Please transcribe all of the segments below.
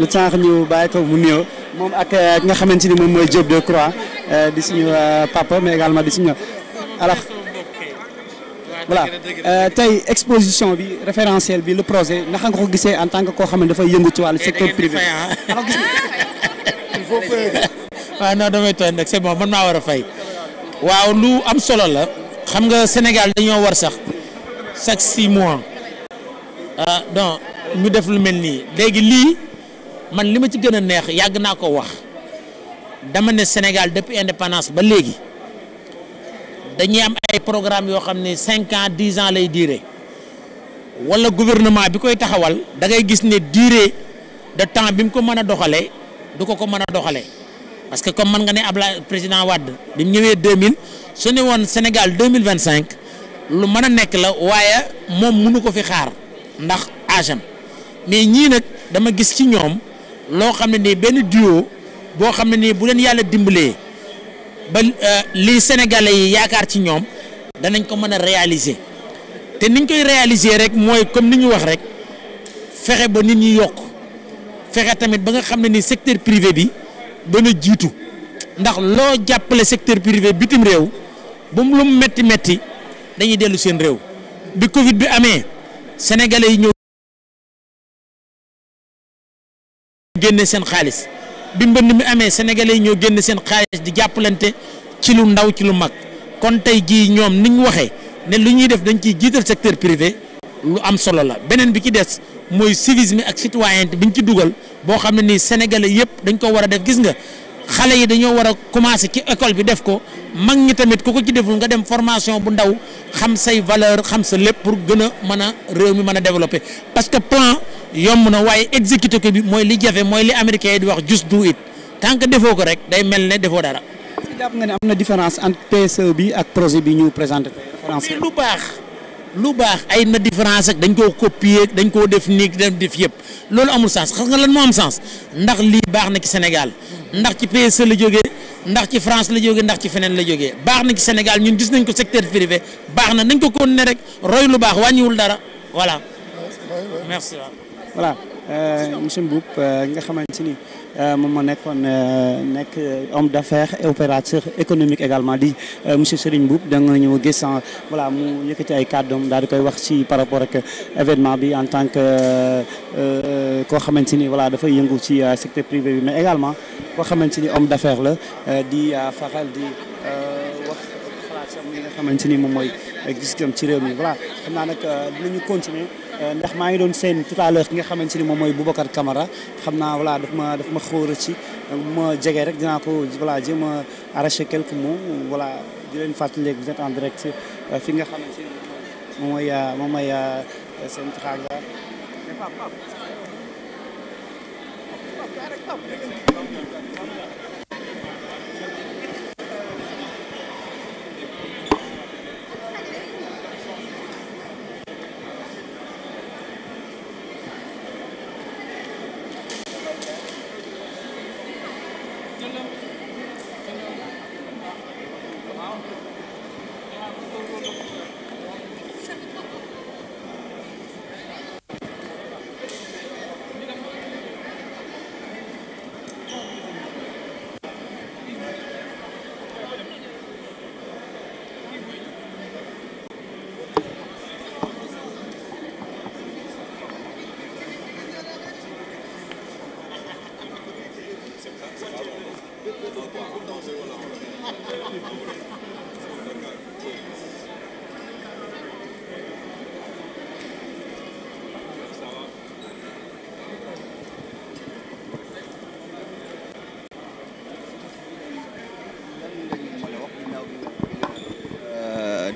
lu sànq ñu bàyyi ko mu nuyoo moom ak euh, ki nga xamante ni moom mooy Diop Decroix euh, di suñu euh, papa mais également di suñu alors voilà tey exposition bi référentiel bi le projet naka nga ko gisee en tant que koo xam ne dafay yëngu ci wàllu eh, secteur privé. Ah. alors gis waaw ah, non damay tooñ nag c'est bon man maa war a fay. waaw lu am solo la. xam nga Sénégal dañoo war sax chaque six mois. donc ah, ñu def lu mel nii léegi lii man li ma ci gën a neex yàgg naa ko wax dama ne Sénégal depuis indépendance ba léegi dañuy am ay programme yoo xam ne cinq ans dix ans lay durer wala gouvernement bi koy taxawal da ngay gis ne durée de temps bi mu ko mën a doxalee du ko ko mën a doxalee parce que comme mën nga ne Abdoulaye président Wade bi mu ñëwee deux mille su ne woon Sénégal deux mille vingt cinq lu mën a nekk la waaye moom mënu ko fi xaar ndax agem mais ñii nag dama gis ci ñoom. loo xam ne nii benn duo boo xam ne nii bu leen yàlla dimbalee ba euh, lii sénégalais yi yaakaar ci ñoom danañ ko mën a réaliser te niñ koy réaliser rek mooy comme ni ñu wax rek fexe ba nit ñi yokk fexe tamit ba nga xam ne ni secteur privé bi dana jiitu ndax loo jàppale secteur privé bitim réew bu mu lu metti metti dañuy dellu seen réew bi Covid bi amee sénégalais yi ñëw génne seen xaalis bi mbënn mi amee sénégalais yi ñoo génne seen xaalis di jàppalante ci lu ndaw ci lu mag kon tey jii ñoom niñ waxee ne lu ñuy def dañ ciy jiital secteur privé lu am solo la beneen bi ci des mooy civisme ak bi ñu ci dugal boo xam ne nii sénégalais yëpp dañ ko war a def gis nga xale yi dañoo war a commencer ci école bi def ko mag ñi tamit ku ko ci deful nga dem formation bu ndaw xam say valeur xam sa lépp pour gën a mën a réew mi mën a développer parce que plan yomb na waaye exécuter ko bi mooy li jafe mooy li américain yi di wax just do it tant que defoo ko rek day mel ne defoo dara. jàpp nga ne am na différence entre PSE bi ak projet bi ñu présenté. français lu baax. lu baax ay na différence ak dañ koo copier dañ koo def nii dañ def yëpp loolu amul sens xam nga lan moo am sens ndax lii baax na ci Sénégal ndax ci PSE la jóge ndax ci France la jógee ndax ci feneen la jógee baax na ci Sénégal ñun gis nañ ko secteur privé baax na nañ ko continuer rek roy lu baax wàññiwul dara voilà. merci voilà. Euh, monsieur Mboup euh, nga xamante ni euh, moom moo nekkoon nekk homme d'affaires et opérateur économique également di monsieur Serigne Mboup da nga ñu gis voilà mu yëkkati ay kàddoom daal di koy wax ci par rapport ak événement bi en tant que koo xamante ni voilà dafay yëngu ci secteur privé bi mais également koo xamante ni homme d'affaires la di faral di wax xalaat sax mi nga xamante ni moom mooy gis-gisam ci réew mi voilà xam naa nag dinañu continuer. Eh, ndax maa ngi doon seen tout à l'heure ki nga xamante ni moom mooy Boubacar Camara xam naa voilà daf ma daf ma xóora ci ma jege rek dinaa ko voilà jéem a arracher quelques mots voilà di leen fàttali léegi vous êtes en direct eh, fi nga xamante ni moom mooy eh, moom mooy seen Teranga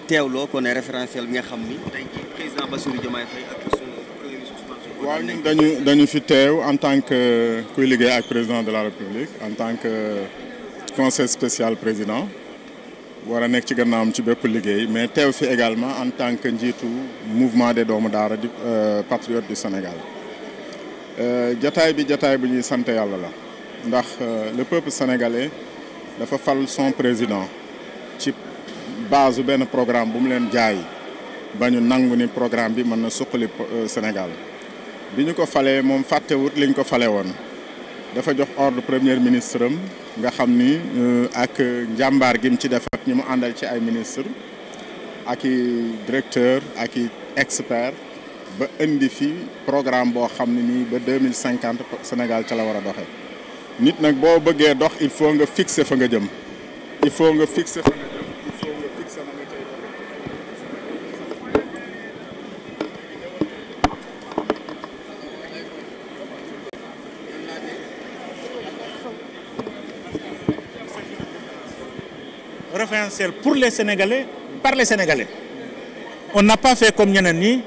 teewloo ko ne référentiel bi nga xam ni tey jii dañu fi teew en tant que kuy liggéey ak président de la république en tant que conseil spécial président war nekk ci gannaawam ci bépp liggéey mais teew fi également en tant que njiitu mouvement de doomu daara di euh, patriote du Sénégal euh, jataay bi jataay bu ñuy sant yàlla la ndax euh, le peuple sénégalais dafa fal président ci base benn programme bu mu leen jaay ba ñu nangu ni programme bi mën na suqali euh, Sénégal bi ñu ko falee moom fàttewut liñ ko falee woon dafa jox ordre première ministre am nga xam ni euh, ak njàmbaar gi mu ci def ak ñi mu àndal ci ay ministre ak i directeur ak i expert ba indi fi programme boo xam ne nii ba deux mille cinquante Sénégal ca la war a doxee nit nag boo bëggee dox il faut nga fixer fa nga jëm il faut nga fixer préférentiel pour les Sénégalais par les Sénégalais on n'a pas fait comme ñeneen ñi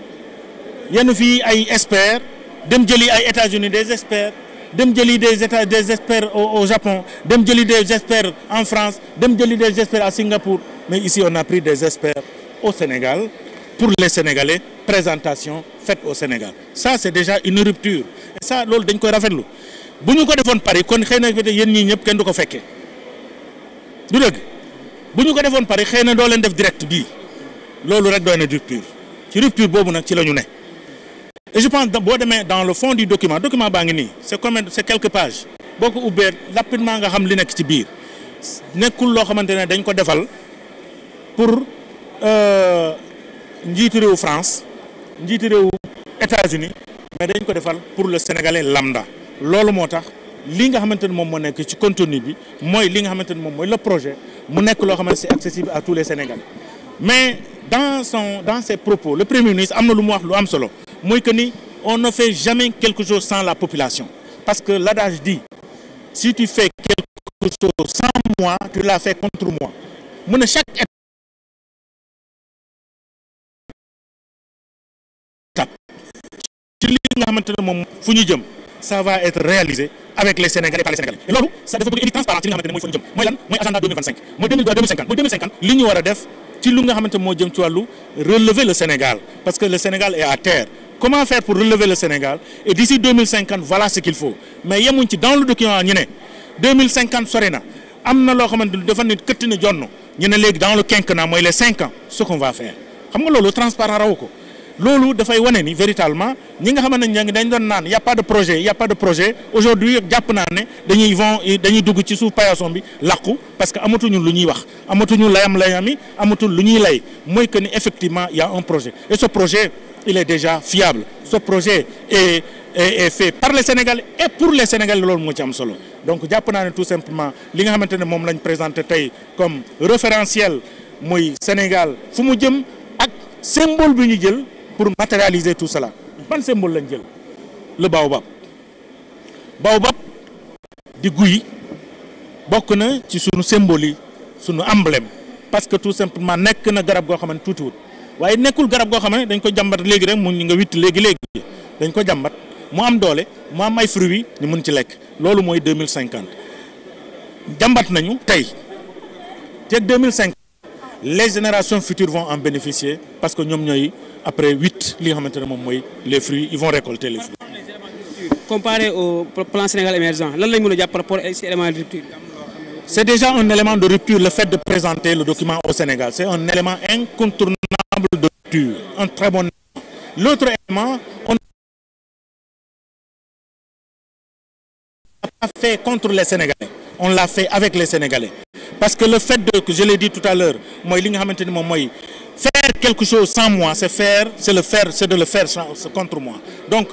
yenn fii ay experts dem jëli ay États-Unis des experts dem jëli des états des experts au Japon dem jëli des experts en France dem jëli des experts à Singapour mais ici on a pris des experts au Sénégal pour les Sénégalais présentation faite au Sénégal ça c'est déjà une rupture et ça loolu dañ koy rafetlu bu ñu ko defoon Paris kon xëy na yéen ñii ñëpp kenn ko fekkee bu ñu ko defoon pare xëy na doo leen def direct bii loolu rek doy na rupture ci rupture boobu nag ci la ñu ne. et je pense boo demee dans le fond du document document baa ngi nii c'est combien c'est quelques pages. boo ko ubbee rapidement nga xam li nekk ci biir nekkul loo xamante ne dañ ko defal pour euh, njiitu réewu France njiitu réew États-Unis mais dañ ko defal pour le Sénégalais lambda loolu moo tax. lii nga xamante ne moom moo nekk ci contenu bi mooy li nga xamante ne moom mooy le projet mu nekk loo xamante c'est accessible à tous les Sénégalais mais dans son dans ses propos le premier ministre am na lu mu wax lu am solo mooy que ni on ne fait jamais quelque chose sans la population parce que l'adage dit si tu fais quelque chose sans moi tu l'as fait contre moi mu ne chaque étape ci li nga xamante ne moom fu ñu jëm ça va être réalisé avec les Sénégalais et par les Sénégalais loolu ça dafa bëgg indi transparence ci nga xamante ne mooy fa ñu jëm mooy lan mooy agenda 2025 li ñu war def ci lu nga xamante moo jëm ci wàllu relever le Sénégal parce que le Sénégal est à terre comment faire pour relever le Sénégal et d'ici voilà ce qu'il faut mais yemuñ ci dans le document ñu ne na am na loo xamante ni dafa këtt na jonn ñu léegi dans le quinquennat mooy les cinq ans ce qu'on va faire xam nga loolu transparent raw ko loolu dafay wane ni véritablement ñi nga xamante ne dañ doon naan y' a pas de projet y' a pas de projet aujourd'hui jàpp naa dañuy vont dañuy dugg ci suuf paillasson bi làqu parce que amatuñu lu ñuy wax amatuñu layam layami amatul lu ñuy lay mooy que ni effectivement y' a un projet et ce projet il est déjà fiable ce projet est est, fait par les Sénégalais et pour les Sénégalais loolu moo ci am solo donc jàpp naa ne tout simplement li nga xamante ne moom lañu présenté tey comme référentiel mooy Sénégal fu mu jëm ak symbole bi ñu jël. pour matérialiser tout cela ban symbole lañ jël le baobab baobab di guy bokk na ci sunu symbole yi sunu emblème parce que tout simplement nekk na garab goo xam ne tuutiwut waaye nekkul garab goo xam ne dañ ko jàmbat léegi rek mu nga witt léegi léegi dañ ko jàmbat mu am doole mu am ay fruits ñu mun ci lekk loolu mooy deux mille cinquante jàmbat nañu tey te deux mille cinquante les générations futures vont en bénéficier parce que ñoom ñooy. après huit li nga xamante ne moom mooy les fruits ils vont récolter les fruits. comparé au plan Sénégal émergent mën a jàpp par rapport ak ces éléments de rupture. c' déjà un élément de rupture le fait de présenter le document au Sénégal c' est un élément incontournable de rupture un très bon élément. l' autre élément on l'a fait contre les Sénégalais on l'a fait avec les Sénégalais parce que le fait de je l'ai dit tout à l'heure mooy li nga xamante ni moom mooy faire quelque chose sans moi c'est faire c'est le faire c'est de le faire contre moi donc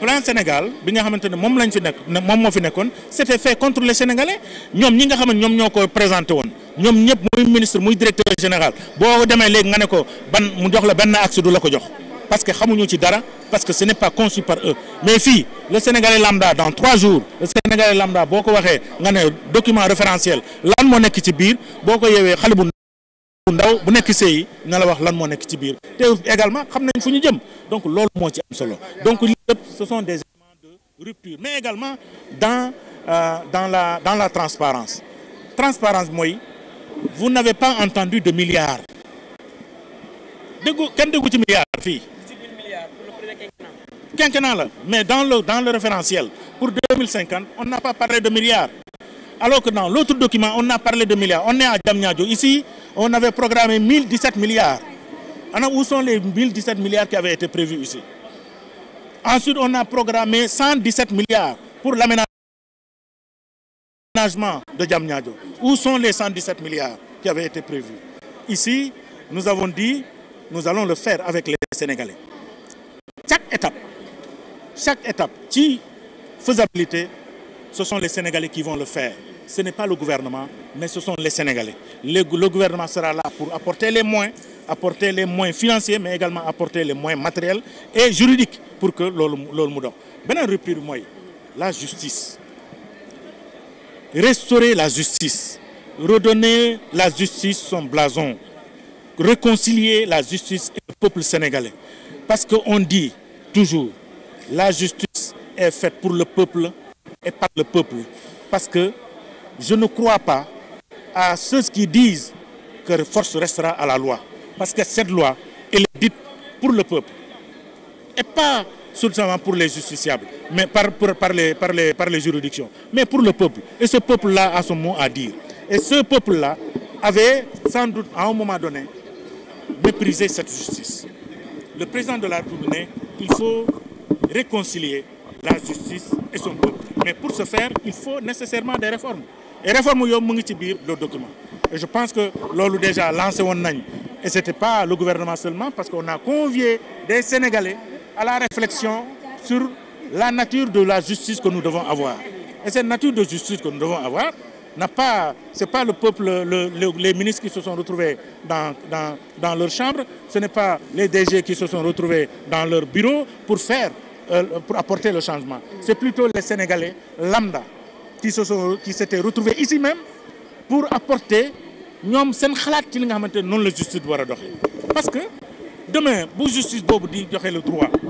plan Sénégal bi nga xamante ne moom lañ fi nekk moom moo fi nekkoon c'était fait contre les Sénégalais ñoom ñi nga xam ne ñoom ñoo koy présenté woon ñoom ñëpp muy ministre muy directeur général boo demee léegi nga ne ko ban mu jox la benn axe du la ko jox parce que xamuñu ci dara parce que ce n'est pas conçu par eux mais fii le Sénégalais lambda dans trois bu ndaw bu nekk sëy na la wax lan moo nekk ci biir te également xam nañ fu ñu jëm donc loolu moo ci am solo donc ce sont des éléments de rupture mais également dans euh, la dans la transparence transparence mooy vous n'avez pas entendu de milliards déggu kenn déggu ci milliards fii quinquennat la mais dans le dans pour on n'a pas parlé de milliards alors que dans l'autre document on a parlé de milliards on est à Diamniadio ici on avait programmé 1017 milliards. Alors, où sont les 1017 milliards qui avaient été prévus ici Ensuite, on a programmé 117 milliards pour l'aménagement de Djamnyadjo. Où sont les 117 milliards qui avaient été prévus Ici, nous avons dit, nous allons le faire avec les Sénégalais. Chaque étape, chaque étape, qui faisabilité, ce sont les Sénégalais qui vont le faire. ce n'est pas le gouvernement, mais ce sont les Sénégalais. Le, le gouvernement sera là pour apporter les moyens, apporter les moyens financiers, mais également apporter les moyens matériels et juridiques pour que loolu loolu mu dox beneen rupture mooy la justice restaurer la justice redonner la justice son blason réconcilier la justice et le peuple sénégalais parce que on dit toujours la justice est faite pour le peuple et par le peuple parce que je ne crois pas à ceux qui disent que force restera à la loi. Parce que cette loi, elle est dite pour le peuple. Et pas seulement pour les justiciables, mais par, pour, par, les, par, les, par les juridictions, mais pour le peuple. Et ce peuple-là a son mot à dire. Et ce peuple-là avait sans doute à un moment donné méprisé cette justice. Le président de la République, il faut réconcilier la justice et son peuple. Mais pour ce faire, il faut nécessairement des réformes. et réforme yooyu mu ngi ci biir le document et je pense que loolu déjà lancé woon nañ et c'était pas le gouvernement seulement parce qu'on a convié des Sénégalais à la réflexion sur la nature de la justice que nous devons avoir et cette nature de justice que nous devons avoir n'a pas le peuple le, les ministres qui se sont retrouvés dans dans dans leur chambre ce n'est pas les DG qui se sont retrouvés dans leur bureau pour faire euh, pour apporter le changement c'est plutôt les Sénégalais qui se sont qui s'étaient retrouvés ici même pour apporter ñoom seen xalaat ci li nga xamante ne noonu la justice war a doxee parce que demain bu justice boobu di joxe le droit